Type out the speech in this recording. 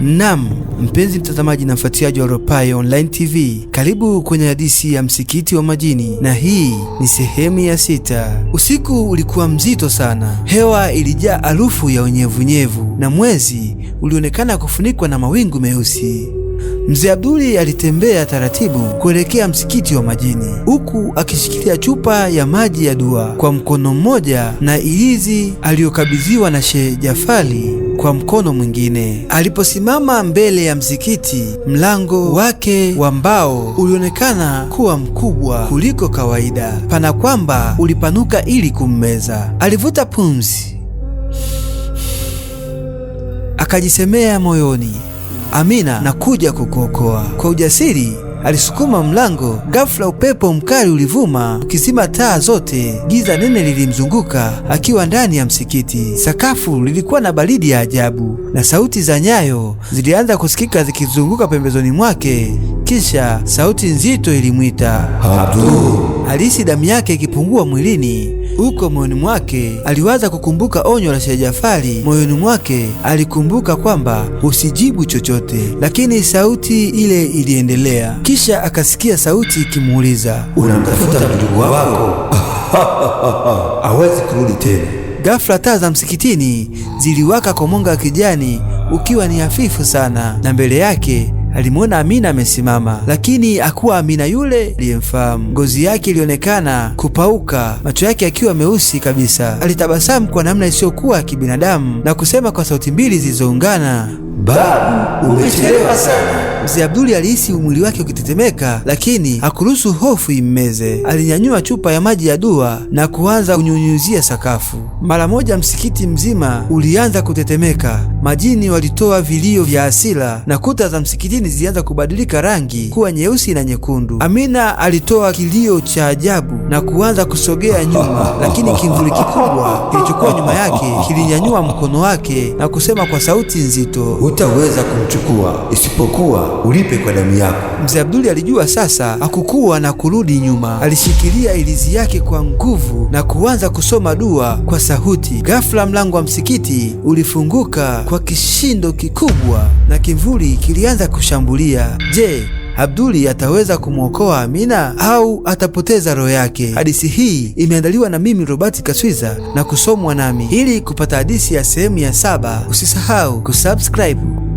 Nam mpenzi mtazamaji na mfuatiliaji wa Ropai Online TV, karibu kwenye hadithi ya msikiti wa majini, na hii ni sehemu ya sita. Usiku ulikuwa mzito sana, hewa ilijaa harufu ya unyevunyevu na mwezi ulionekana kufunikwa na mawingu meusi. Mzee Abduli alitembea taratibu kuelekea msikiti wa majini huku akishikilia chupa ya maji ya dua kwa mkono mmoja na ilizi aliyokabidhiwa na Sheikh Jafari kwa mkono mwingine. Aliposimama mbele ya msikiti, mlango wake wa mbao ulionekana kuwa mkubwa kuliko kawaida, pana kwamba ulipanuka ili kummeza. Alivuta pumzi, akajisemea moyoni, Amina, nakuja kukuokoa. Kwa ujasiri Alisukuma mlango, ghafla upepo mkali ulivuma ukizima taa zote. Giza nene lilimzunguka akiwa ndani ya msikiti. Sakafu lilikuwa na baridi ya ajabu, na sauti za nyayo zilianza kusikika zikizunguka pembezoni mwake. Kisha sauti nzito ilimwita Abdu. Alihisi damu yake ikipungua mwilini huko moyoni mwake aliwaza kukumbuka onyo la Sheikh Jafari. Moyoni mwake alikumbuka kwamba usijibu chochote, lakini sauti ile iliendelea. Kisha akasikia sauti ikimuuliza, unamtafuta mjukuu wako? hawezi kurudi tena. Ghafla taa za msikitini ziliwaka kwa mwanga wa kijani ukiwa ni hafifu sana, na mbele yake alimwona Amina amesimama, lakini akuwa Amina yule aliyemfahamu. Ngozi yake ilionekana kupauka, macho yake akiwa meusi kabisa. Alitabasamu kwa namna isiyokuwa ya kibinadamu na kusema kwa sauti mbili zilizoungana, babu, umechelewa sana. Mzee Abduli alihisi mwili wake ukitetemeka, lakini hakuruhusu hofu immeze. Alinyanyua chupa ya maji ya dua na kuanza kunyunyuzia sakafu. Mara moja msikiti mzima ulianza kutetemeka, majini walitoa vilio vya hasira na kuta za msikitini zilianza kubadilika rangi kuwa nyeusi na nyekundu. Amina alitoa kilio cha ajabu na kuanza kusogea nyuma, lakini kimvuli kikubwa kilichokuwa nyuma yake kilinyanyua mkono wake na kusema kwa sauti nzito, hutaweza kumchukua isipokuwa ulipe kwa damu yako. Mzee Abduli alijua sasa hakukuwa na kurudi nyuma. Alishikilia ilizi yake kwa nguvu na kuanza kusoma dua kwa sauti. Ghafla mlango wa msikiti ulifunguka kwa kishindo kikubwa na kimvuli kilianza kushambulia. Je, Abduli ataweza kumwokoa Amina au atapoteza roho yake? Hadithi hii imeandaliwa na mimi Robert Kaswiza na kusomwa nami. Ili kupata hadithi ya sehemu ya saba, usisahau kusubscribe